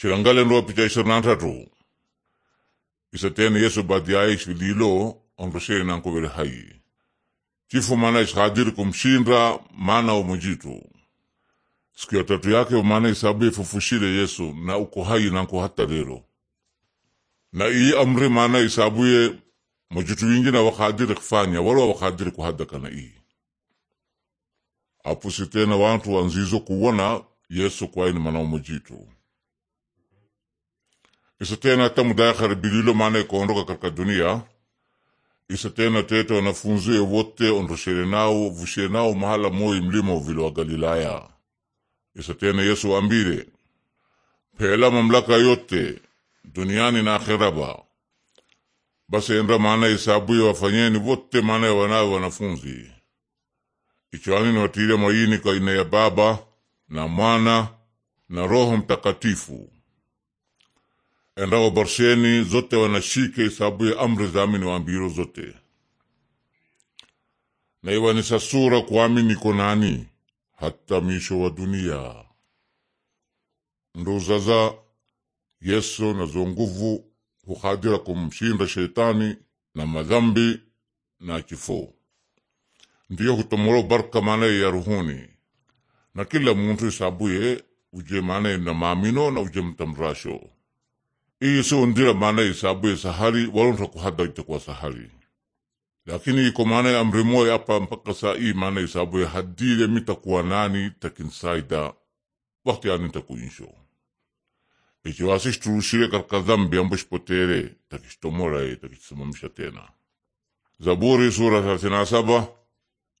Chilangalenrua picha ishirini na tatu tena Yesu badiai ishililo ondoshe nanko vele hai chifu mana ishadiri kumshinda mana umujitu siku ya tatu yake mana isabu ifufushile Yesu na uko hai nanko hata lelo na iyi amri mana isabuye mujitu na wakadiri kufanya wala wakadiri kuhadakana iyi apusi tena wantu wanzizo kuwona Yesu kwaini mana umujitu Isa tena bililo maana ikaondoka katika dunia. Isa tena tete wanafunzi wote ondoshene nao vushene nao mahala moyi mlima uvilo wa Galilaya. Isa tena Yesu ambire pela mamlaka yote duniani na akhiraba basi mana maana isabuye wafanyeni wote maana wanawe wanafunzi ichwanini watile mwayini kaina ya Baba na Mwana na Roho Mtakatifu endao barsheni zote wanashike isabu ya amri za amini waambiro zote na iwanisa sura kuamini konani hata misho wa dunia nduzaza yesu nazo nguvu hukadira kumshinda sheitani na madhambi na kifo ndiyo hutomolo baraka manaye ya ruhuni na kila muntu isabuye uje manaye na maamino na uje mtamrasho Yesu ndira maana isabu ya sahari walonta kuhaddaitakuwa sahari lakini iko maana ya amri moja hapa mpaka saa hii maana isabu ya hadire mitakuwa nani takinsaida wakati ani takuinsho ikiwasishturushire katika dhambi ambo shipotere takishitomorae takisimamisha tena Zaburi sura thelathini na saba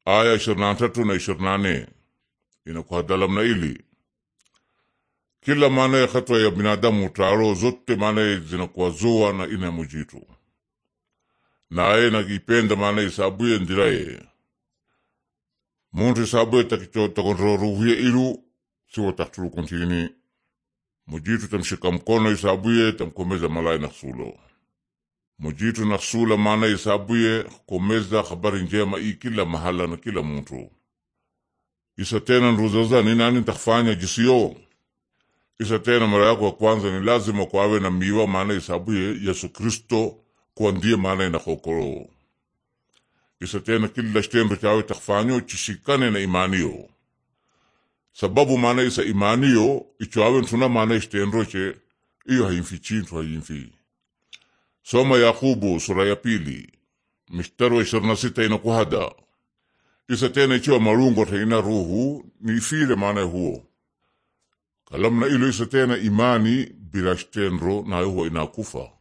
aya ishirini na tatu na ishirini na nane inakuhadalamna ili kila maanaye hatua ya binadamu utaro zote maanaye zinakuwazua na ina mujitu naye nakipenda maanaye sabuye ndiraye muntu isabuye takonroruhuye ilu siwo kontini mujitu tamshika mkono isabuye tamkomeza malai naksulo mujitu naksula maanaye isabuye komeza habari njema i kila mahala na kila muntu isa tena nruzaza nani takfanya jisiyo Isa tena mara yako ya kwanza ni lazima kwawe na miwa, maana isabu ye Yesu Kristo kwa ndiye maana inakokoloo. Isa tena kila shitendo chawe takfanyo chishikane na imaniyo, sababu maana isa imaniyo ichoawe ntuna maana ishtendo che iyo haimfi chintu haimfi. Soma Yakubu sura ya pili mstari wa ishirini na sita inakuhada isa tena ichiwa marungo taina ruhu ni ifile maana huo kalamna ile isetena imani bila shtendro nayo huwa inakufa